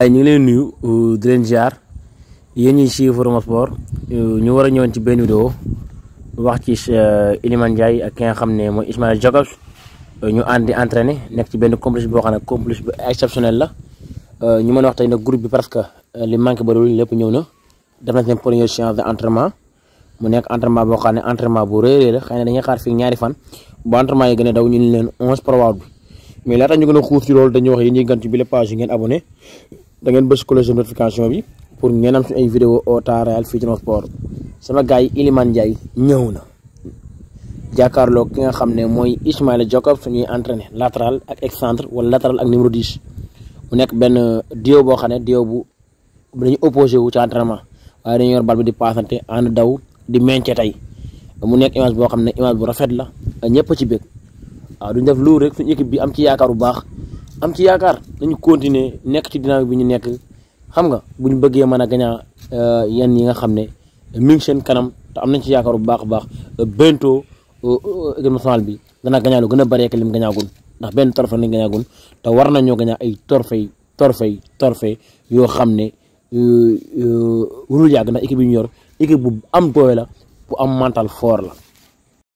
ay ñu ngi leen nuyu euh, di leen ziar yeen ñi ci forum Sport euh, ñu wara a ci benn vidéo wax ci euh, Iliman Jay ak ki nga xamne moy Ismaël Ismail ñu andi di entraîné nekk ci benn complice bo xamne ne complice bu exceptionnel la ñu mëna wax tay na groupe bi presque li manqué ba loolu lepp ñëw na def na seen première séance d'entraînement mu nek entraînement bo xamne entraînement bu réerée la xëy dañuy xaar fi ñaari fan bu entraînement yi gëna daw ñu ni leen onze par bi mais laata ñu gëna a ci loolu dañuy wax yéen ñi gën ci bi le page yi ngeen abonné da ngeen bës cloche de notification bi pour ngeen am suñu ay vidéo au temps réel fii sama gars yi Iliman Ndiaye ñëw na jàkkaarloo ki nga xam ne mooy Ismaïla Jacob ñuy entraîné latéral ak excentre wala latéral ak numéro 10 mu nekk benn duo boo xam ne duo bu dañu opposé wu ci entraînement waaye dañu yor bal bi di paasante di meñce tey mu nekk image boo xam ne image bu rafet la ñëpp ci bëgg waaw duñ def loolu rek suñu équipe bi am ci yaakaar bu baax am ci yaakaar dañu continuer nekk ci dynamique bi ñu nekk xam nga bu ñu bëggee mën a gañaa euh, yenn yi nga xam ne mi seen kanam te am nañ ci yaakaar bu baax a baax euh, bentoo équipe euh, nationale bi dana gañaa lu gën a bëree que lim gañaagun ndax benn torfe lañ gañaagun te war nañoo gañaa ay torfey torfey torfe yoo xam ne wurul yàgg ndax équipe yi ñu yor équipe bu am doole la bu am mental fort la